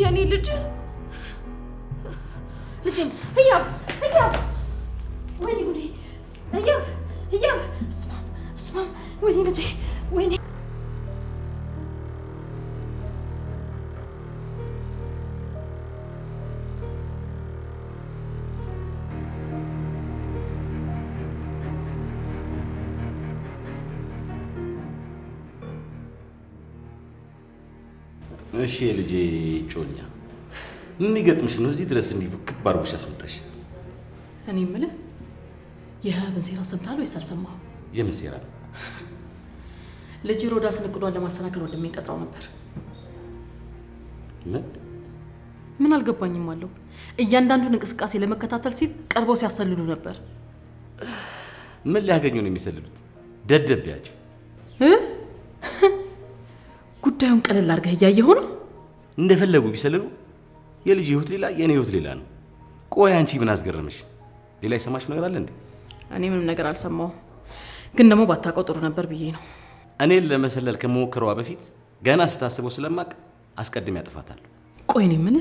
የእኔ ልጅ ድረስ እንዲህ ክባር ውሻ አስመጣሽ። እኔ የምልህ የህያብን ሴራ ሰምተሃል ወይስ አልሰማህም? የምን ሴራ? ልጅ ሮዳ ስንቅዷን ለማሰናከል ወንድሜ ነበር። ምን ምን አልገባኝም አለው። እያንዳንዱን እንቅስቃሴ ለመከታተል ሲል ቀርበው ሲያሰልሉ ነበር። ምን ሊያገኙ ነው የሚሰልሉት? ደደብያቸው። ጉዳዩን ቀለል አድርገህ እያየሁ ነው። እንደፈለጉ ቢሰልሉ የልጅ ህይወት ሌላ፣ የእኔ ህይወት ሌላ ነው። ቆይ አንቺ ምን አስገረምሽ? ሌላ የሰማሽ ነገር አለ እንዴ? እኔ ምንም ነገር አልሰማሁም፣ ግን ደግሞ ባታውቀው ጥሩ ነበር ብዬ ነው። እኔን ለመሰለል ከመሞከሯ በፊት ገና ስታስበው ስለማቅ አስቀድሜ ያጥፋታለሁ። ቆይ እኔ ምን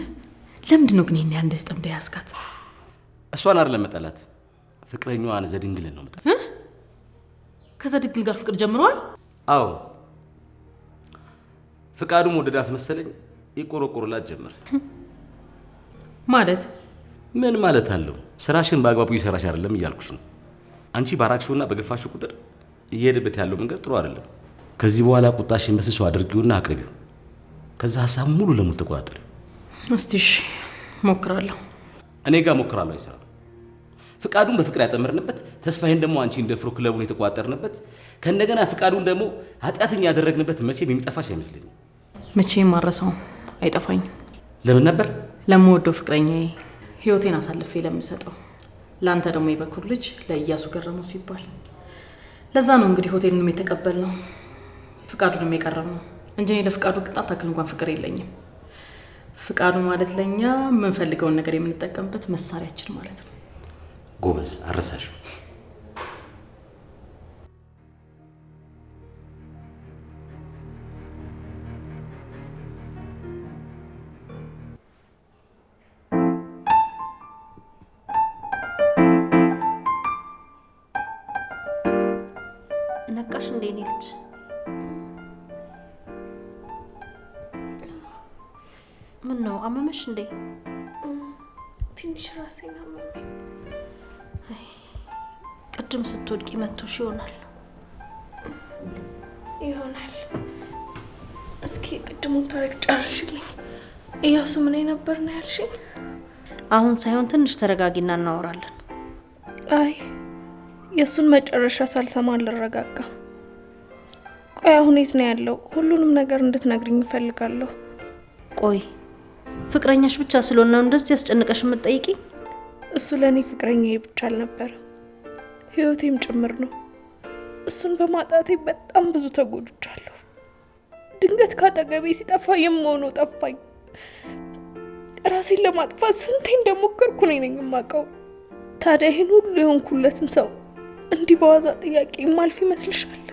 ለምንድን ነው ግን ይህን ያህል እንደዚህ ጠምደህ ያስካት? እሷን አይደለም መጣላት፣ ፍቅረኛዋን ዘድንግልን ነው መጠ ከዘድንግል ጋር ፍቅር ጀምረዋል? አዎ ፍቃዱም ወደዳት መሰለኝ፣ ይቆረቆርላት ጀመረ። ማለት ምን ማለት አለው? ስራሽን በአግባቡ እየሰራሽ አይደለም እያልኩሽ ነው። አንቺ ባራክሽውና በገፋሽው ቁጥር እየሄደበት ያለው መንገድ ጥሩ አይደለም። ከዚህ በኋላ ቁጣሽን በስሱ አድርጊውና አቅርቢው። ከዛ ሀሳብ ሙሉ ለሙሉ ተቆጣጠሪ። እስቲሽ ሞክራለሁ። እኔ ጋር ሞክራለሁ አይሰራም። ፍቃዱን በፍቅር ያጠመርንበት ተስፋዬን ደግሞ አንቺ እንደፍሮ ክለቡን የተቆጣጠርንበት ከእንደገና ፍቃዱን ደግሞ ኃጢአተኛ ያደረግንበት መቼም የሚጠፋሽ አይመስለኝም። መቼም ማረሰው አይጠፋኝም። ለምን ነበር ለምወደው ፍቅረኛዬ ህይወቴን አሳልፌ ለምሰጠው ለአንተ ደግሞ የበኩር ልጅ ለእያሱ ገረሙ ሲባል ለዛ ነው እንግዲህ ሆቴሉንም የተቀበል ነው ፍቃዱንም የቀረብ ነው እንጂ እኔ ለፍቃዱ ቅጣት አክል እንኳን ፍቅር የለኝም። ፍቃዱ ማለት ለእኛ የምንፈልገውን ነገር የምንጠቀምበት መሳሪያችን ማለት ነው። ጎበዝ አረሳሹ እንዴ? ትንሽ ራሴን አመመኝ። ቅድም ስትወድቂ መቶሽ ይሆናል ይሆናል። እስኪ ቅድሙን ታሪክ ጨርሽልኝ። እያሱ ምን ነበር ነው ያልሽኝ? አሁን ሳይሆን ትንሽ ተረጋጊና እናወራለን። አይ የእሱን መጨረሻ ሳልሰማ አልረጋጋ። ቆይ አሁን የት ነው ያለው? ሁሉንም ነገር እንድትነግርኝ እፈልጋለሁ። ቆይ ፍቅረኛሽ ብቻ ስለሆነ ነው እንደዚህ ያስጨንቀሽ የምትጠይቂ? እሱ ለእኔ ፍቅረኛዬ ብቻ አልነበረም ህይወቴም ጭምር ነው። እሱን በማጣቴ በጣም ብዙ ተጎድቻለሁ። ድንገት ካጠገቤ ሲጠፋ የምሆነው ጠፋኝ። ራሴን ለማጥፋት ስንቴ እንደሞከርኩ ነኝ ነኝ የማውቀው። ታዲያ ይህን ሁሉ የሆንኩለትን ሰው እንዲህ በዋዛ ጥያቄ ማልፍ ይመስልሻል?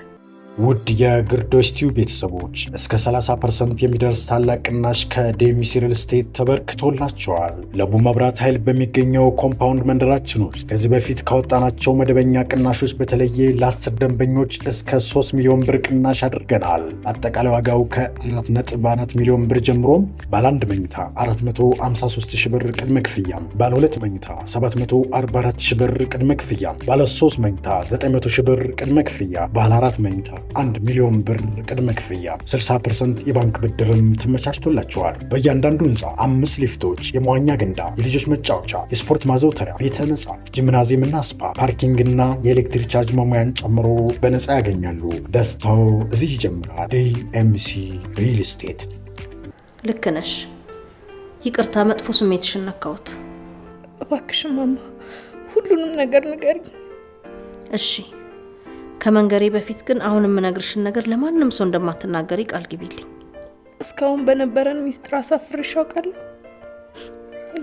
ውድ የግርዶሽ ቲዩ ቤተሰቦች እስከ 30 ፐርሰንት የሚደርስ ታላቅ ቅናሽ ከዴሚስ ሪል ስቴት ተበርክቶላቸዋል። ለቡ መብራት ኃይል በሚገኘው ኮምፓውንድ መንደራችን ውስጥ ከዚህ በፊት ካወጣናቸው መደበኛ ቅናሾች በተለየ ለአስር ደንበኞች እስከ 3 ሚሊዮን ብር ቅናሽ አድርገናል። አጠቃላይ ዋጋው ከ4 ነጥብ 4 ሚሊዮን ብር ጀምሮም ባለ 1 መኝታ 453 ሺ ብር ቅድመ ክፍያ፣ ባለ 2 መኝታ 744 ሺ ብር ቅድመ ክፍያ፣ ባለ 3 መኝታ 900 ሺ ብር ቅድመ ክፍያ፣ ባለ 4 መኝታ 1 ሚሊዮን ብር ቅድመ ክፍያ 60 ፐርሰንት የባንክ ብድርም ተመቻችቶላቸዋል። በእያንዳንዱ ህንፃ አምስት ሊፍቶች፣ የመዋኛ ገንዳ፣ የልጆች መጫወቻ፣ የስፖርት ማዘውተሪያ፣ ቤተ መጻሕፍት፣ ና ስፓ፣ ፓርኪንግ ና የኤሌክትሪክ ቻርጅ መሙያን ጨምሮ በነፃ ያገኛሉ። ደስታው እዚህ ይጀምራል። ዲኤምሲ ሪል ስቴት። ልክ ነሽ። ይቅርታ መጥፎ ስሜትሽን ነካሁት። እባክሽ ማማ ሁሉንም ነገር ንገሪኝ እሺ። ከመንገሬ በፊት ግን አሁን የምነግርሽን ነገር ለማንም ሰው እንደማትናገሪ ቃል ግቢልኝ። እስካሁን በነበረን ሚስጥር አሳፍርሽ አውቃለሁ፣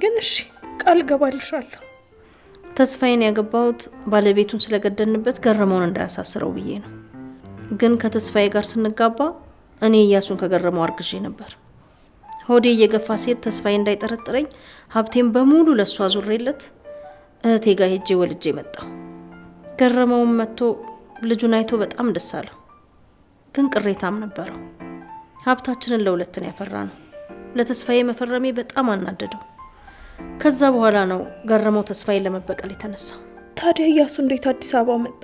ግን እሺ ቃል ገባልሻለሁ። ተስፋዬን ያገባሁት ባለቤቱን ስለገደልንበት ገረመውን እንዳያሳስረው ብዬ ነው። ግን ከተስፋዬ ጋር ስንጋባ እኔ እያሱን ከገረመው አርግዤ ነበር። ሆዴ እየገፋ ሴት ተስፋዬ እንዳይጠረጥረኝ ሀብቴን በሙሉ ለእሷ ዙሬለት እህቴ ጋር ሄጄ ወልጄ መጣሁ። ገረመውን መጥቶ ልጁን አይቶ በጣም ደስ አለው። ግን ቅሬታም ነበረው። ሀብታችንን ለሁለትን ያፈራ ነው። ለተስፋዬ መፈረሜ በጣም አናደደው። ከዛ በኋላ ነው ገረመው ተስፋዬ ለመበቀል የተነሳው። ታዲያ እያሱ እንዴት አዲስ አበባ መጣ?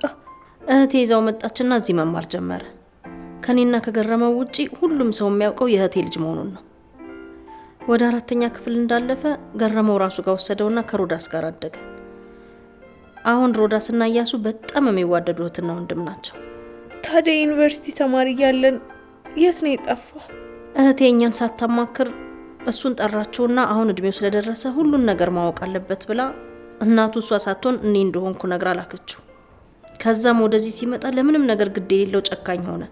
እህቴ ይዛው መጣችና እዚህ መማር ጀመረ። ከኔና ከገረመው ውጪ ሁሉም ሰው የሚያውቀው የእህቴ ልጅ መሆኑን ነው። ወደ አራተኛ ክፍል እንዳለፈ ገረመው ራሱ ጋር ወሰደውና ከሮዳስ ጋር አደገ። አሁን ሮዳስ እና እያሱ በጣም የሚዋደዱ እህትና ወንድም ናቸው። ታዲያ ዩኒቨርሲቲ ተማሪ እያለን የት ነው የጠፋ? እህቴ እኛን ሳታማክር እሱን ጠራችውና አሁን እድሜው ስለደረሰ ሁሉን ነገር ማወቅ አለበት ብላ እናቱ እሷ ሳትሆን እኔ እንደሆንኩ ነግራ ላከችው። ከዛም ወደዚህ ሲመጣ ለምንም ነገር ግድ የሌለው ጨካኝ ሆነ።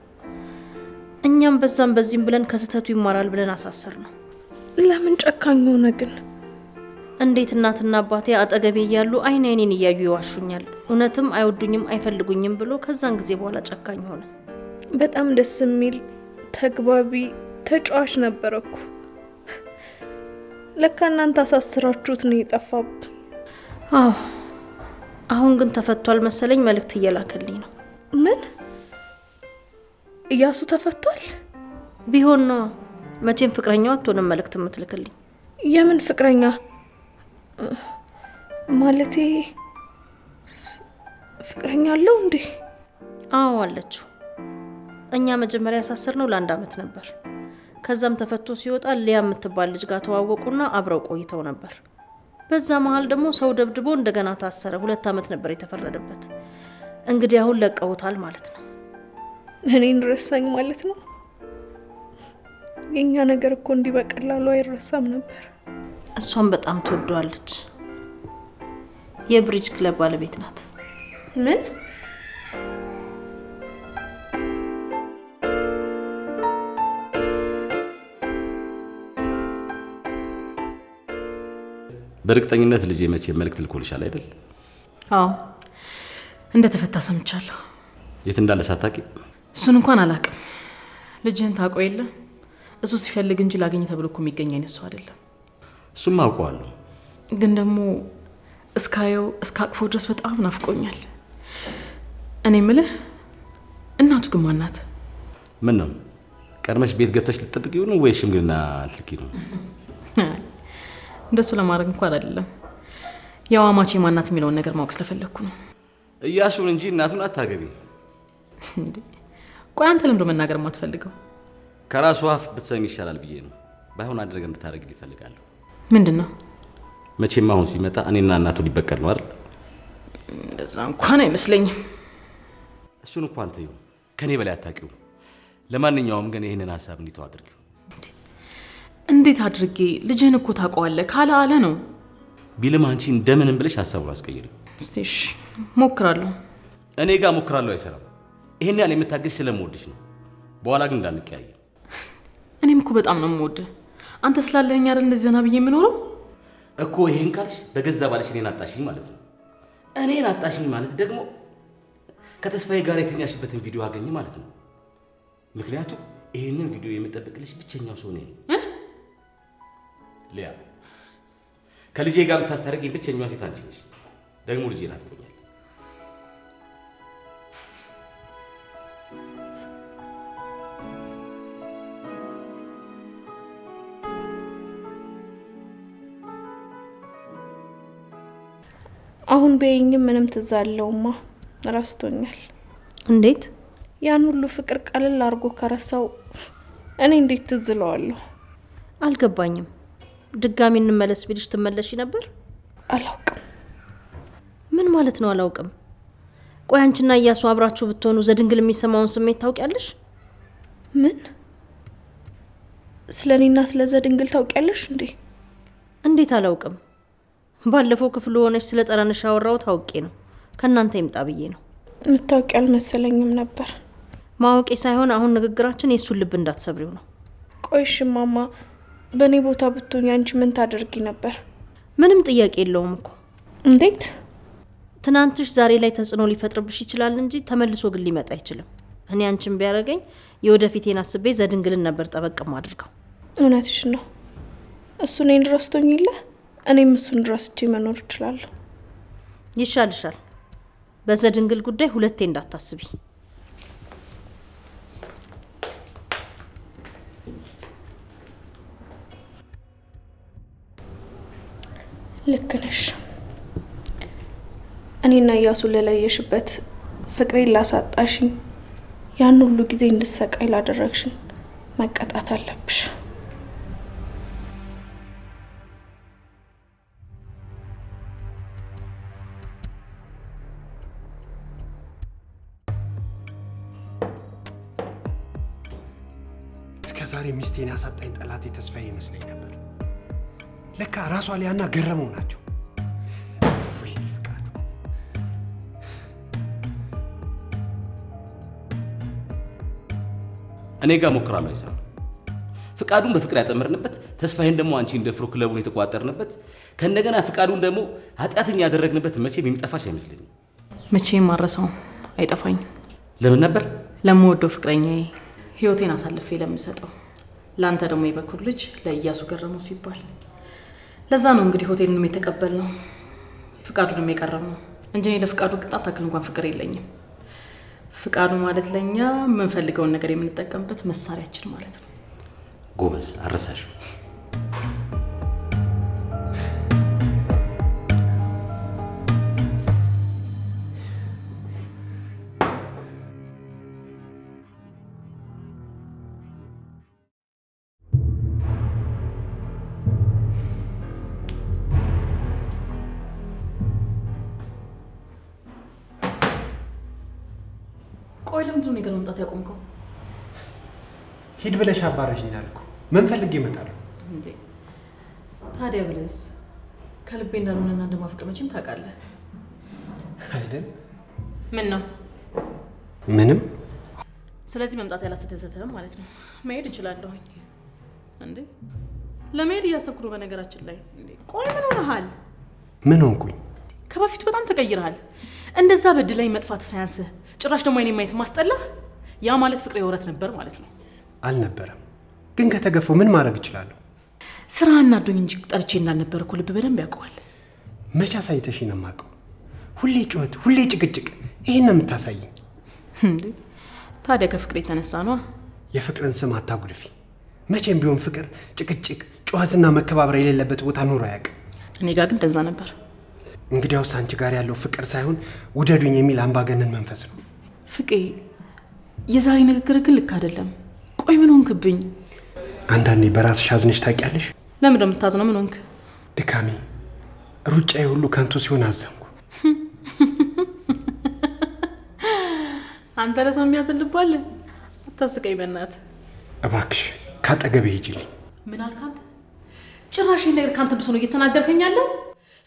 እኛም በዛም በዚህም ብለን ከስህተቱ ይማራል ብለን አሳሰር ነው። ለምን ጨካኝ ሆነ ግን? እንዴት እናትና አባቴ አጠገቤ እያሉ አይን አይኔን እያዩ ይዋሹኛል፣ እውነትም አይወዱኝም፣ አይፈልጉኝም ብሎ ከዛን ጊዜ በኋላ ጨካኝ ሆነ። በጣም ደስ የሚል ተግባቢ ተጫዋች ነበረኩ? ለካ እናንተ አሳስራችሁት ነው የጠፋብ። አዎ፣ አሁን ግን ተፈቷል መሰለኝ። መልእክት እየላከልኝ ነው። ምን እያሱ ተፈቷል? ቢሆን ነው መቼም ፍቅረኛው አትሆንም መልእክት የምትልክልኝ። የምን ፍቅረኛ ማለቴ ፍቅረኛ አለው እንዴ? አዎ አለችው። እኛ መጀመሪያ ነው ለአንድ አመት ነበር። ከዛም ተፈቶ ሲወጣ ሊያ የምትባል ልጅ ጋር ተዋወቁና አብረው ቆይተው ነበር። በዛ መሀል ደግሞ ሰው ደብድቦ እንደገና ታሰረ። ሁለት አመት ነበር የተፈረደበት። እንግዲህ አሁን ለቀውታል ማለት ነው። እኔን ረሳኝ ማለት ነው። የእኛ ነገር እኮ እንዲህ በቀላሉ አይረሳም ነበር። እሷን በጣም ትወደዋለች። የብሪጅ ክለብ ባለቤት ናት። ምን? በእርግጠኝነት ልጄ መቼ መልእክት ልኮልሻል አይደል? አዎ፣ እንደተፈታ ሰምቻለሁ። የት እንዳለ ሳታቂ? እሱን እንኳን አላቅም ልጅህን ታውቀው የለ እሱ ሲፈልግ እንጂ ላገኝ ተብሎ እኮ የሚገኝ አይነት ሰው አይደለም። እሱም አውቀዋለሁ። ግን ደግሞ እስካየው እስከ አቅፎ ድረስ በጣም ናፍቆኛል። እኔ ምልህ እናቱ ግን ማናት? ምን ነው ቀድመሽ ቤት ገብተሽ ልጠብቅ ይሁን ወይስ ሽምግልና ልትልኪ ነው? እንደሱ ለማድረግ እንኳን አይደለም። ያው አማች ማናት የሚለውን ነገር ማወቅ ስለፈለግኩ ነው። እያሱን እንጂ እናቱን አታገቢ። ቆይ አንተ ለምዶ መናገር የማትፈልገው ከራሱ አፍ ብትሰሚ ይሻላል ብዬ ነው። ባይሆን አንድ እንድታደርግ ይፈልጋለሁ። ምንድን ነው? መቼም አሁን ሲመጣ እኔና እናቱ ሊበቀል ነው አይደል? እንደዛ እንኳን አይመስለኝም። እሱን እንኳን ተይው፣ ከኔ በላይ አታውቂው። ለማንኛውም ግን ይህንን ሀሳብ እንዲተው አድርጊው። እንዴት አድርጌ? ልጅህን እኮ ታውቀዋለህ። ካለ አለ ነው ቢልም አንቺ እንደምንም ብለሽ ሀሳቡን አስቀይሪ። እስቲ ሞክራለሁ። እኔ ጋር ሞክራለሁ አይሰራም። ይህን ያህል የምታገሽ ስለምወድሽ ነው። በኋላ ግን እንዳንቀያየ። እኔም እኮ በጣም ነው የምወድህ አንተ ስላለኝ አይደል እንደዚህ ዘና ብዬ የምኖረው እኮ። ይሄን ካልሽ በገዛ ባለሽ እኔን አጣሽኝ ማለት ነው። እኔን አጣሽኝ ማለት ደግሞ ከተስፋዬ ጋር የተኛሽበትን ቪዲዮ አገኘ ማለት ነው። ምክንያቱም ይህንን ቪዲዮ የምጠብቅልሽ ብቸኛው ሰው ነኝ። ሊያ ከልጄ ጋር የምታስታርቂኝ ብቸኛዋ ሴት አንቺ ነሽ። ደግሞ ልጄ ናት። አሁን በይኝም ምንም ትዝ አለውማ ረስቶኛል። እንዴት ያን ሁሉ ፍቅር ቀለል አድርጎ ከረሳው እኔ እንዴት ትዝ እለዋለሁ? አልገባኝም። ድጋሚ እንመለስ ቢልሽ ትመለሽ ነበር? አላውቅም። ምን ማለት ነው አላውቅም? ቆይ አንቺና እያሱ አብራችሁ ብትሆኑ ዘድንግል የሚሰማውን ስሜት ታውቂያለሽ? ምን ስለ እኔና ስለ ዘድንግል ታውቂያለሽ እንዴ? እንዴት አላውቅም ባለፈው ክፍል ሆነች ስለ ጠረንሽ ያወራው ታውቄ ነው። ከእናንተ ይምጣ ብዬ ነው። የምታውቂ አልመሰለኝም ነበር። ማወቄ ሳይሆን አሁን ንግግራችን የእሱን ልብ እንዳትሰብሪው ነው። ቆይሽ ማማ፣ በእኔ ቦታ ብትሆኝ አንቺ ምን ታደርጊ ነበር? ምንም ጥያቄ የለውም እኮ እንዴት ትናንትሽ ዛሬ ላይ ተጽዕኖ ሊፈጥርብሽ ይችላል እንጂ ተመልሶ ግን ሊመጣ አይችልም። እኔ አንቺን ቢያደርገኝ የወደፊቴን አስቤ ዘድንግልን ነበር ጠበቅም አድርገው። እውነትሽ ነው። እሱ እኔን ረስቶኝ እኔም እሱን ረስቼ መኖር እችላለሁ። ይሻልሻል። በዘድንግል ጉዳይ ሁለቴ እንዳታስቢ። ልክ ነሽ። እኔና እያሱ ለለየሽበት፣ ፍቅሬን ላሳጣሽኝ፣ ያን ሁሉ ጊዜ እንድሰቃይ ላደረግሽን መቀጣት አለብሽ። ዛሬ ሚስቴን ያሳጣኝ ጠላት ተስፋዬ ይመስለኝ ነበር። ለካ ራሷ ሊያና ገረመው ናቸው። እኔ ጋር ሞክራ ነው አይሰራም። ፍቃዱን በፍቅር ያጠመርንበት ተስፋዬን ደግሞ አንቺ እንደፍሮ ክለቡን የተቋጠርንበት ከእንደገና ፍቃዱን ደግሞ ኃጢአትን ያደረግንበት መቼም የሚጠፋሽ አይመስለኝም። መቼም ማረሰው አይጠፋኝም። ለምን ነበር ለምወደው ፍቅረኛዬ ህይወቴን አሳልፌ ለምሰጠው ለአንተ ደግሞ የበኩር ልጅ ለእያሱ ገረመው ሲባል ለዛ ነው እንግዲህ ሆቴሉንም የተቀበልነው ፍቃዱንም የቀረብነው እንጂ እኔ ለፍቃዱ ቅጣት አክል እንኳን ፍቅር የለኝም። ፍቃዱ ማለት ለእኛ የምንፈልገውን ነገር የምንጠቀምበት መሳሪያችን ማለት ነው። ጎበዝ አረሳሹ ለምንድን ነው መምጣት ያቆምከው? ሂድ ብለሽ አባረሽ እንዳልኩ ምን ፈልጌ እመጣለሁ? ታዲያ ብለስ ከልቤ እንዳልሆነና እንደማፍቅር መቼም ታውቃለህ አይደል? ምን ነው ምንም። ስለዚህ መምጣት ያላስደሰተህም ማለት ነው? መሄድ እችላለሁኝ። እንዴ ለመሄድ እያሰብኩ ነው። በነገራችን ላይ ቆይ ምን ሆነሃል? ምን ሆንኩኝ? ከበፊቱ በጣም ተቀይረሃል። እንደዛ በድላይ መጥፋት ሳያንስህ ጭራሽ ደግሞ የኔ ማየት ማስጠላ። ያ ማለት ፍቅሬ ወረት ነበር ማለት ነው። አልነበረም፣ ግን ከተገፈው ምን ማድረግ እችላለሁ? ስራ አናዶኝ እንጂ ጠርቼ እንዳልነበር እኮ ልብ በደንብ ያውቀዋል። መቼ አሳይተሽ ነው የማውቀው? ሁሌ ጩኸት፣ ሁሌ ጭቅጭቅ፣ ይህን ነው የምታሳይኝ? ታዲያ ከፍቅር የተነሳ ነው። የፍቅርን ስም አታጉድፊ። መቼም ቢሆን ፍቅር ጭቅጭቅ፣ ጩኸትና መከባበር የሌለበት ቦታ ኖሮ አያውቅም። እኔ ጋር ግን እንደዛ ነበር። እንግዲያውስ አንቺ ጋር ያለው ፍቅር ሳይሆን ውደዱኝ የሚል አምባገነን መንፈስ ነው። ፍቄ የዛሬ ንግግር ግን ልክ አይደለም። ቆይ ምን ሆንክብኝ? አንዳንዴ በራስሽ አዝነሽ ታውቂያለሽ? ለምን እንደምታዝነው ምን ሆንክ? ድካሜ ሩጫዬ ሁሉ ከንቱ ሲሆን አዘንኩ። አንተ ለሰው የሚያዝንልባል አታስቀኝ፣ በእናትህ እባክሽ፣ ካጠገቤ ሂጂልኝ። ምን አልክ ጭራሽ ነገር ካንተ ብሶ ነው እየተናገርከኝ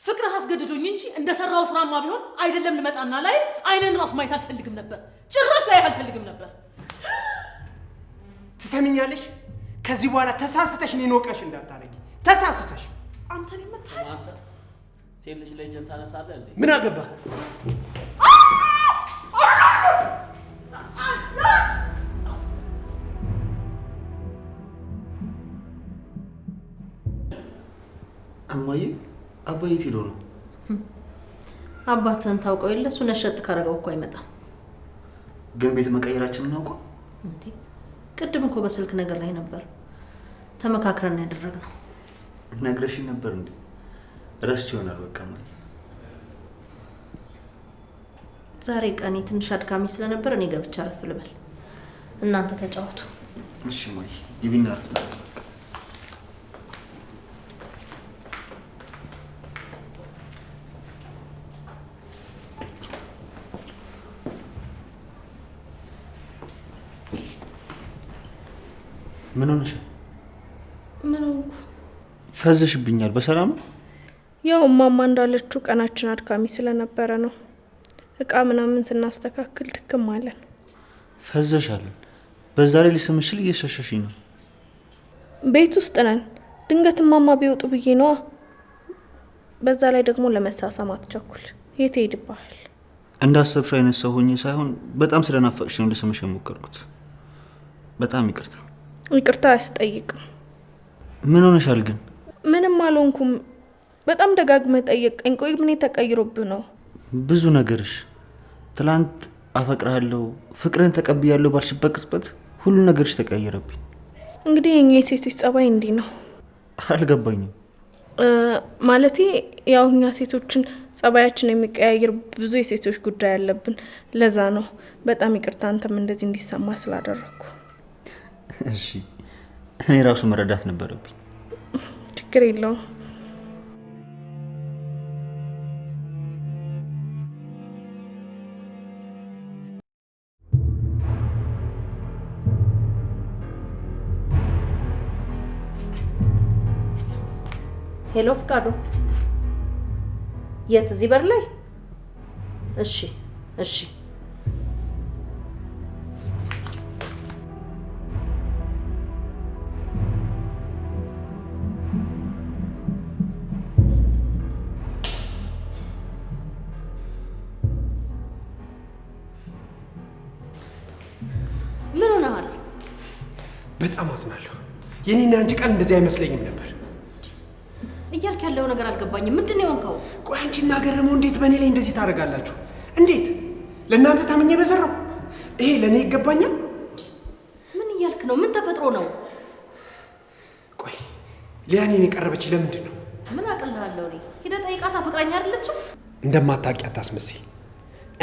ፍቅርህ አስገድዶኝ እንጂ እንደሰራው ስራማ ቢሆን አይደለም ልመጣና ላይ አይንን ራሱ ማየት አልፈልግም ነበር ጭራሽ ላይ አልፈልግም ነበር። ትሰሚኛለሽ? ከዚህ በኋላ ተሳስተሽ እኔን ወቀሽ እንዳታረጊ። ተሳስተሽ አንተ ለምሳሌ ሴት ልጅ ላይ እጅን ታነሳለህ እንዴ? ምን አገባ እማዬ አባዬ ሄዶ ነው። አባትህን ታውቀው የለ እሱ ነሸጥ ካደረገው እኮ አይመጣም። ግን ቤት መቀየራችን እናውቀው እንዴ? ቅድም እኮ በስልክ ነገር ላይ ነበር ተመካክረን ያደረግነው። ነግረሽኝ ነበር እንዴ? ረስቼው ይሆናል። በቃ ማለት ዛሬ ቀኔ ትንሽ አድካሚ ስለነበር እኔ ገብቻ አረፍ ልበል። እናንተ ተጫወቱ እሺ። ማይ ግቢና አረፍታለሁ ምን ሆነሽ? ምን ሆንኩ? ፈዘሽብኛል። በሰላም ያው እማማ እንዳለችው ቀናችን አድካሚ ስለነበረ ነው። እቃ ምናምን ስናስተካክል ድክም አለን። ፈዘሻል። በዛ ላይ ሊስምሽል እየሸሸሽኝ ነው። ቤት ውስጥ ነን። ድንገት እማማ ቢወጡ ብዬ ነዋ። በዛ ላይ ደግሞ ለመሳሳም አትቸኩል። የት ሄድብሃል? እንዳሰብሽው አይነት ሰው ሆኜ ሳይሆን በጣም ስለናፈቅሽ ነው ልስምሽ የሞከርኩት። በጣም ይቅርታ። ይቅርታ አያስጠይቅም። ምን ሆነሻል ግን? ምንም አልሆንኩም። በጣም ደጋግመህ ጠየቀኝ። ቆይ ምን ተቀይሮብህ ነው? ብዙ ነገርሽ። ትላንት አፈቅርሃለሁ፣ ፍቅርን ተቀብያለሁ ባልሽበት ቅጽበት ሁሉ ነገርሽ ተቀየረብኝ። እንግዲህ የኛ የሴቶች ጸባይ እንዲህ ነው። አልገባኝም። ማለቴ ያው እኛ ሴቶችን ጸባያችን የሚቀያየር ብዙ የሴቶች ጉዳይ አለብን። ለዛ ነው። በጣም ይቅርታ አንተም እንደዚህ እንዲሰማ ስላደረግኩ እሺ እኔ ራሱ መረዳት ነበረብኝ። ችግር የለውም። ሄሎ ፍቃዱ፣ የት? እዚህ በር ላይ። እሺ፣ እሺ የኔና አንቺ ቃል እንደዚህ አይመስለኝም ነበር። እያልክ ያለው ነገር አልገባኝም። ምንድን ነው የሆንከው? ቆይ አንቺና ገረመው እንዴት በእኔ ላይ እንደዚህ ታደርጋላችሁ? እንዴት ለእናንተ ታመኘ በዘራው ይሄ ለእኔ ይገባኛል? ምን እያልክ ነው? ምን ተፈጥሮ ነው? ቆይ ሊያኔን የቀረበች ለምንድን ነው? ምን አቅልሃለሁ እኔ ጠይቃታ። ፍቅረኛ አይደለችም? እንደማታውቂያት አስመስይ።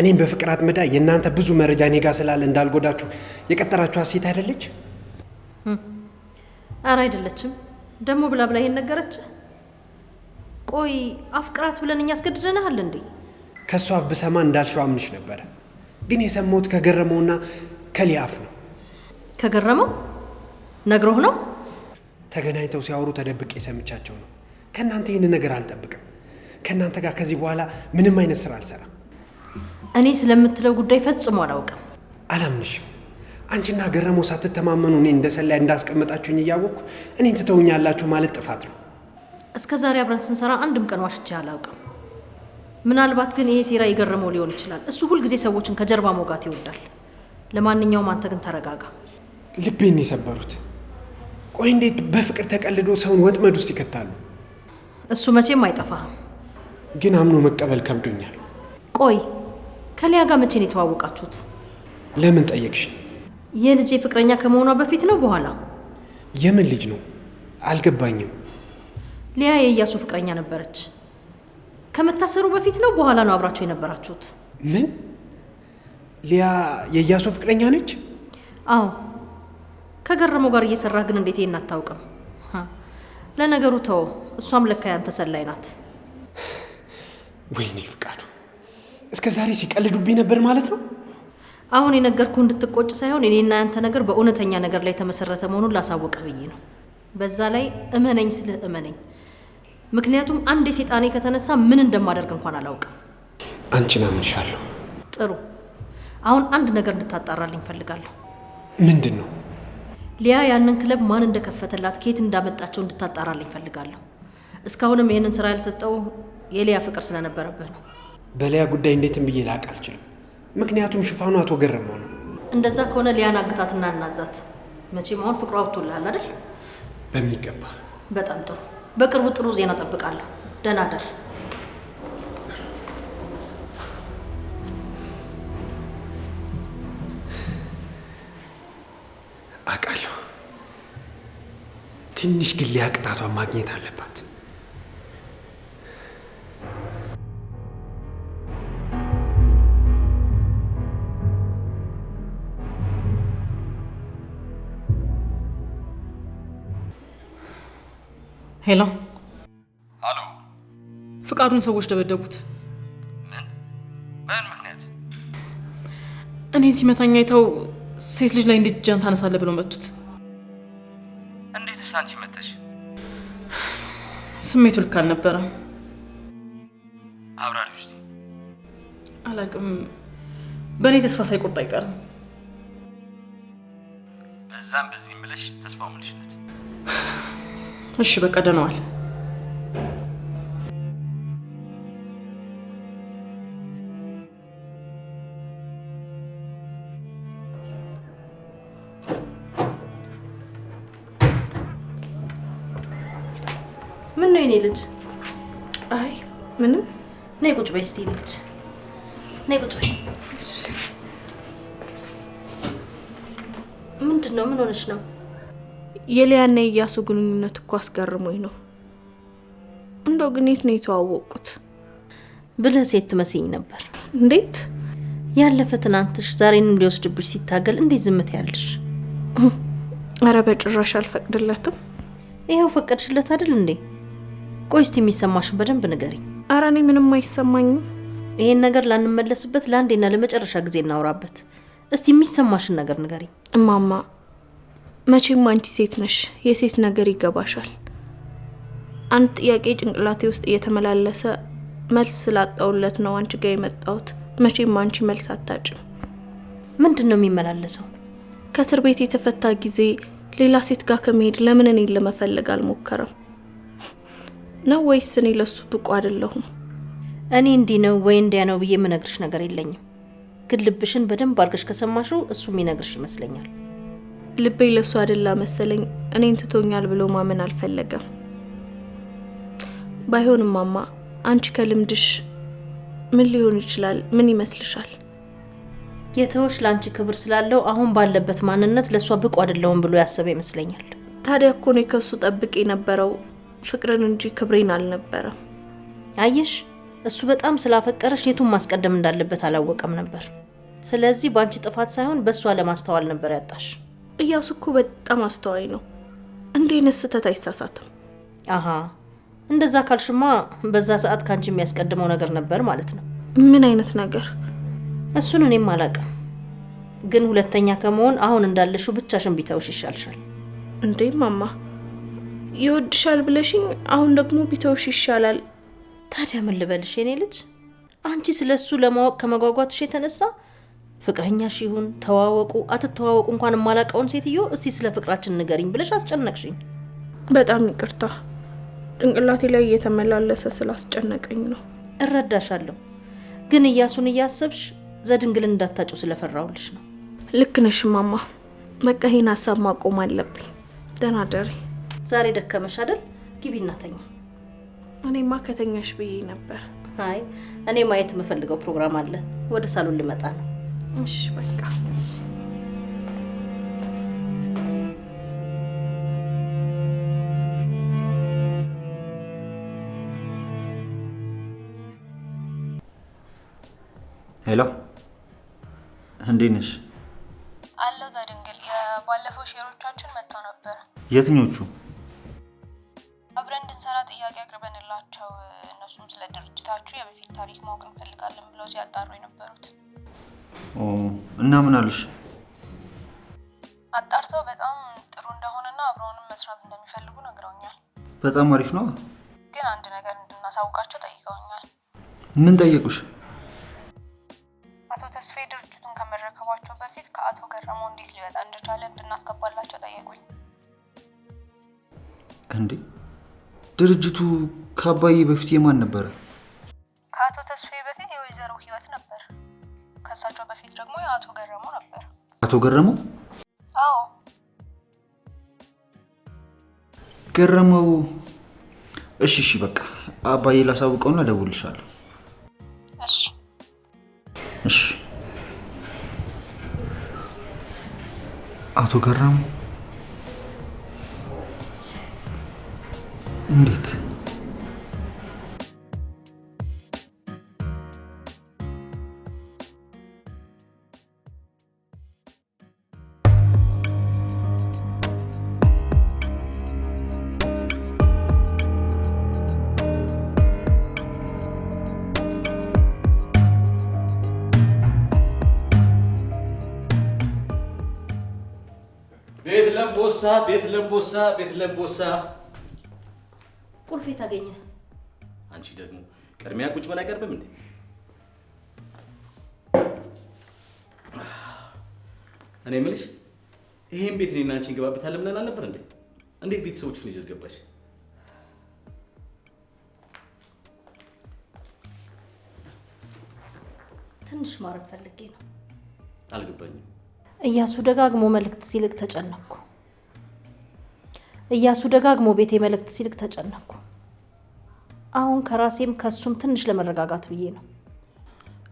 እኔም በፍቅር አጥመዳ የእናንተ ብዙ መረጃ እኔ ጋ ስላለ እንዳልጎዳችሁ የቀጠራችኋት ሴት አይደለች? አረ አይደለችም። ደግሞ ብላ ብላ ይሄን ነገረች። ቆይ አፍቅራት ብለን እኛ አስገድደናሃል እንዴ? ከእሷ ብሰማ እንዳልሽው አምንሽ ነበረ፣ ግን የሰማሁት ከገረመውና ከሊያፍ ነው። ከገረመው ነግሮህ ነው? ተገናኝተው ሲያወሩ ተደብቄ ሰምቻቸው ነው። ከእናንተ ይህን ነገር አልጠብቅም። ከእናንተ ጋር ከዚህ በኋላ ምንም አይነት ስራ አልሰራም። እኔ ስለምትለው ጉዳይ ፈጽሞ አላውቅም። አላምንሽም አንቺና ገረመው ሳትተማመኑ እኔ እንደ ሰላይ እንዳስቀመጣችሁኝ እያወቅኩ እኔን ትተውኛላችሁ ማለት ጥፋት ነው። እስከ ዛሬ አብረን ስንሰራ አንድም ቀን ዋሽቼ አላውቅም። ምናልባት ግን ይሄ ሴራ የገረመው ሊሆን ይችላል። እሱ ሁልጊዜ ሰዎችን ከጀርባ መውጋት ይወዳል። ለማንኛውም አንተ ግን ተረጋጋ። ልቤን የሰበሩት ቆይ፣ እንዴት በፍቅር ተቀልዶ ሰውን ወጥመድ ውስጥ ይከታሉ? እሱ መቼም አይጠፋህም። ግን አምኖ መቀበል ከብዶኛል። ቆይ ከሊያ ጋር መቼ ነው የተዋወቃችሁት? ለምን ጠየቅሽኝ? የልጄ ፍቅረኛ ከመሆኗ በፊት ነው በኋላ? የምን ልጅ ነው አልገባኝም። ሊያ የእያሱ ፍቅረኛ ነበረች። ከመታሰሩ በፊት ነው በኋላ ነው አብራችሁ የነበራችሁት? ምን ሊያ የእያሱ ፍቅረኛ ነች? አዎ። ከገረመው ጋር እየሰራህ ግን እንዴት ይሄን አታውቅም? ለነገሩ ተው፣ እሷም ለካ ያንተ ሰላይ ናት። ወይኔ ፍቃዱ፣ እስከ ዛሬ ሲቀልዱብኝ ነበር ማለት ነው። አሁን የነገርኩ እንድትቆጭ ሳይሆን እኔና ያንተ ነገር በእውነተኛ ነገር ላይ የተመሰረተ መሆኑን ላሳወቀ ብዬ ነው። በዛ ላይ እመነኝ ስልህ እመነኝ። ምክንያቱም አንድ የሴጣኔ ከተነሳ ምን እንደማደርግ እንኳን አላውቅም። አንቺን አምንሻለሁ። ጥሩ። አሁን አንድ ነገር እንድታጣራልኝ ፈልጋለሁ? ምንድን ነው? ሊያ ያንን ክለብ ማን እንደከፈተላት ከየት እንዳመጣቸው እንድታጣራልኝ ፈልጋለሁ? እስካሁንም ይህንን ስራ ያልሰጠው የሊያ ፍቅር ስለነበረብህ ነው። በሊያ ጉዳይ እንዴትም ብዬ ላቅ አልችልም። ምክንያቱም ሽፋኑ አቶ ገረመው ነው። እንደዛ ከሆነ ሊያን አግታትና እናዛት። መቼም አሁን ፍቅሯ አብቶልሃል አይደል? በሚገባ በጣም ጥሩ። በቅርቡ ጥሩ ዜና ጠብቃለሁ። ደህና ደር። ትንሽ ግን ሊያ ቅጣቷን ማግኘት አለባት። ሄሎ አሎ፣ ፍቃዱን ሰዎች ደበደቡት። ምን ምን ምክንያት? እኔን ሲመታኝ አይተው ሴት ልጅ ላይ እንዴት እጃን ታነሳለህ ብለው መቱት። እንዴትስ አንቺ መተሽ? ስሜቱ ልክ አልነበረም። አብራሪ ውስጥ አላቅም። በእኔ ተስፋ ሳይቆርጥ አይቀርም። በዛም በዚህም ብለሽ ተስፋ ሙልሽነት እሺ በቃ ደህናዋል። ምን ነው የኔ ልጅ? አይ ምንም። ነይ ቁጭ በይ እስኪ ልጅ፣ ነይ ቁጭ በይ። ምንድን ነው? ምን ሆነች ነው የሊያና የእያሱ ግንኙነት እኮ አስገርሞኝ ነው። እንደው ግን የት ነው የተዋወቁት ብልህ ሴት ትመስኝ ነበር። እንዴት ያለፈ ትናንትሽ ዛሬንም ሊወስድብሽ ሲታገል እንዴት ዝምት ያልሽ? አረ በጭራሽ አልፈቅድለትም። ይኸው ፈቀድሽለት አይደል እንዴ? ቆይ እስቲ የሚሰማሽን በደንብ ንገሪኝ። አረ እኔ ምንም አይሰማኝም። ይሄን ነገር ላንመለስበት ለአንዴና ለመጨረሻ ጊዜ እናውራበት። እስቲ የሚሰማሽን ነገር ንገሪኝ እማማ መቼም አንቺ ሴት ነሽ፣ የሴት ነገር ይገባሻል። አንድ ጥያቄ ጭንቅላቴ ውስጥ እየተመላለሰ መልስ ስላጣውለት ነው አንቺ ጋር የመጣሁት። መቼም አንቺ መልስ አታጭም። ምንድን ነው የሚመላለሰው? ከእስር ቤት የተፈታ ጊዜ ሌላ ሴት ጋር ከመሄድ ለምን እኔን ለመፈለግ አልሞከረም ነው ወይስ እኔ ለሱ ብቁ አይደለሁም? እኔ እንዲህ ነው ወይ እንዲያ ነው ብዬ የምነግርሽ ነገር የለኝም። ግን ልብሽን በደንብ አድርገሽ ከሰማሽው እሱ የሚነግርሽ ይመስለኛል። ልቤ ለሱ አደላ መሰለኝ እኔን ትቶኛል ብሎ ማመን አልፈለገም። ባይሆንም ማማ አንቺ ከልምድሽ ምን ሊሆን ይችላል? ምን ይመስልሻል? የተወሽ ለአንቺ ክብር ስላለው አሁን ባለበት ማንነት ለእሷ ብቁ አይደለውም ብሎ ያሰበ ይመስለኛል። ታዲያ እኮ እኔ ከሱ ጠብቅ የነበረው ፍቅርን እንጂ ክብሬን አልነበረም። አየሽ፣ እሱ በጣም ስላፈቀረሽ የቱን ማስቀደም እንዳለበት አላወቀም ነበር። ስለዚህ በአንቺ ጥፋት ሳይሆን በእሷ ለማስተዋል ነበር ያጣሽ። እያሱ እኮ በጣም አስተዋይ ነው። እንዴ አይነት ስህተት አይሳሳትም። አሀ እንደዛ ካልሽማ በዛ ሰዓት ከአንቺ የሚያስቀድመው ነገር ነበር ማለት ነው። ምን አይነት ነገር? እሱን እኔም አላውቅም፣ ግን ሁለተኛ ከመሆን አሁን እንዳለሽው ብቻሽን ቢተውሽ ይሻልሻል። እንዴ ማማ ይወድሻል ብለሽኝ፣ አሁን ደግሞ ቢተውሽ ይሻላል። ታዲያ ምን ልበልሽ የኔ ልጅ? አንቺ ስለ እሱ ለማወቅ ከመጓጓትሽ የተነሳ ፍቅረኛሽ ይሁን ተዋወቁ አትተዋወቁ እንኳን የማላውቀውን ሴትዮ እስቲ ስለ ፍቅራችን ንገሪኝ ብለሽ አስጨነቅሽኝ። በጣም ይቅርታ፣ ጭንቅላቴ ላይ እየተመላለሰ ስላስጨነቀኝ ነው። እረዳሻለሁ፣ ግን እያሱን እያሰብሽ ዘድንግልን እንዳታጩ ስለፈራውልሽ ነው። ልክ ነሽ ማማ። በቃ ይህን ሀሳብ ማቆም አለብኝ። ደህና ደሪ። ዛሬ ደከመሽ አይደል? ግቢ ተኚ። እኔማ ከተኛሽ ብዬ ነበር። አይ እኔ ማየት የምፈልገው ፕሮግራም አለ። ወደ ሳሎን ልመጣ ነው። እሺ በቃ ሄሎ፣ እንዴት ነሽ? አለሁ ዘድንግል። የባለፈው ሼሮቻችን መጥተው ነበር። የትኞቹ? አብረን እንድንሰራ ጥያቄ አቅርበንላቸው እነሱም ስለ ድርጅታችሁ የበፊት ታሪክ ማወቅ እንፈልጋለን ብለው ሲያጣሩ የነበሩት እና ምን አሉሽ? አጣርተው በጣም ጥሩ እንደሆነና አብረውንም መስራት እንደሚፈልጉ ነግረውኛል። በጣም አሪፍ ነው። ግን አንድ ነገር እንድናሳውቃቸው ጠይቀውኛል። ምን ጠየቁሽ? አቶ ተስፋዬ ድርጅቱን ከመረከባቸው በፊት ከአቶ ገረመው እንዴት ሊወጣ እንደቻለ እንድናስገባላቸው ጠየቁኝ። እንዴ ድርጅቱ ከአባዬ በፊት የማን ነበረ? ከእሳቸው በፊት ደግሞ የአቶ ገረሙ ነበር። አቶ ገረሙ? አዎ ገረመው። እሺ፣ እሺ፣ በቃ አባዬ ላሳውቀውና እደውልልሻለሁ። እሺ፣ እሺ። አቶ ገረሙ እንዴት ለምቦሳ ቤት ለምቦሳ ቤት ለምቦሳ ቁልፌ ታገኘ። አንቺ ደግሞ ቅድሚያ ቁጭ በላይ ቀርብም እንዴ? እኔ ምልሽ ይሄን ቤት እኔና አንቺ እንገባበታለን ብለን አልነበር እንዴ? እንዴት ቤተሰቦቹን ይዘሽ ገባሽ? ትንሽ ማረፍ ፈልጌ ነው። አልገባኝም። እያሱ ደጋግሞ መልእክት ሲልክ ተጨነኩ። እያሱ ደጋግሞ ቤቴ መልእክት ሲልክ ተጨነቁ አሁን ከራሴም ከሱም ትንሽ ለመረጋጋት ብዬ ነው።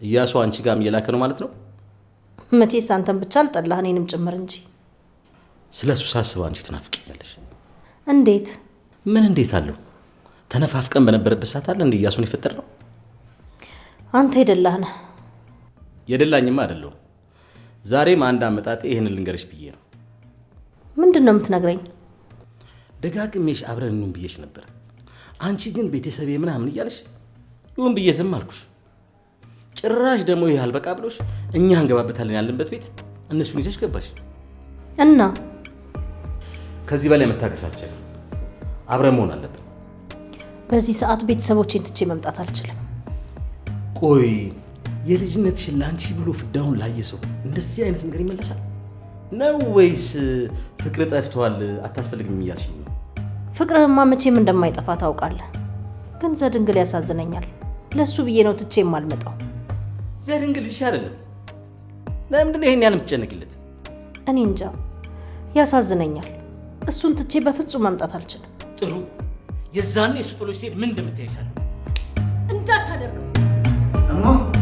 እያሱ አንቺ ጋም እየላከ ነው ማለት ነው? መቼስ አንተን ብቻ አልጠላህ እኔንም ጭምር እንጂ። ስለ እሱ ሳስብ አንቺ ትናፍቅኛለሽ። እንዴት? ምን እንዴት አለው? ተነፋፍቀን በነበረበት ሰዓት አለ እንደ እያሱን የፈጠር ነው። አንተ የደላህ ነህ። የደላኝማ አይደለሁም። ዛሬም አንድ አመጣጤ ይህን ልንገርሽ ብዬ ነው። ምንድን ነው የምትነግረኝ? ደጋግሜሽ አብረን እንሁን ብዬሽ ነበር። አንቺ ግን ቤተሰቤ ምናምን እያለሽ ይሁን ብዬ ዝም አልኩሽ። ጭራሽ ደግሞ ይህ አልበቃ ብሎሽ እኛ እንገባበታለን ያለንበት ቤት እነሱን ይዘሽ ገባሽ እና ከዚህ በላይ መታገስ አልችልም። አብረን መሆን አለብን። በዚህ ሰዓት ቤተሰቦቼን ትቼ መምጣት አልችልም። ቆይ የልጅነትሽን ለአንቺ ብሎ ፍዳውን ላየ ሰው እንደዚህ አይነት ነገር ይመለሳል ነው ወይስ ፍቅር ጠፍቷል አታስፈልግም እያልሽ ፍቅርህማ መቼም እንደማይጠፋ ታውቃለህ። ግን ዘድንግል ያሳዝነኛል። ለእሱ ብዬ ነው ትቼ የማልመጣው። ዘድንግል ልጅሽ አይደለም። ለምንድነው ይሄን ያህል የምትጨነቅለት? እኔ እንጃ፣ ያሳዝነኛል። እሱን ትቼ በፍጹም መምጣት አልችልም። ጥሩ፣ የዛን የሱ ጥሎች ሴት ምን እንደምታይሻለሁ እንዳታደርገው እማ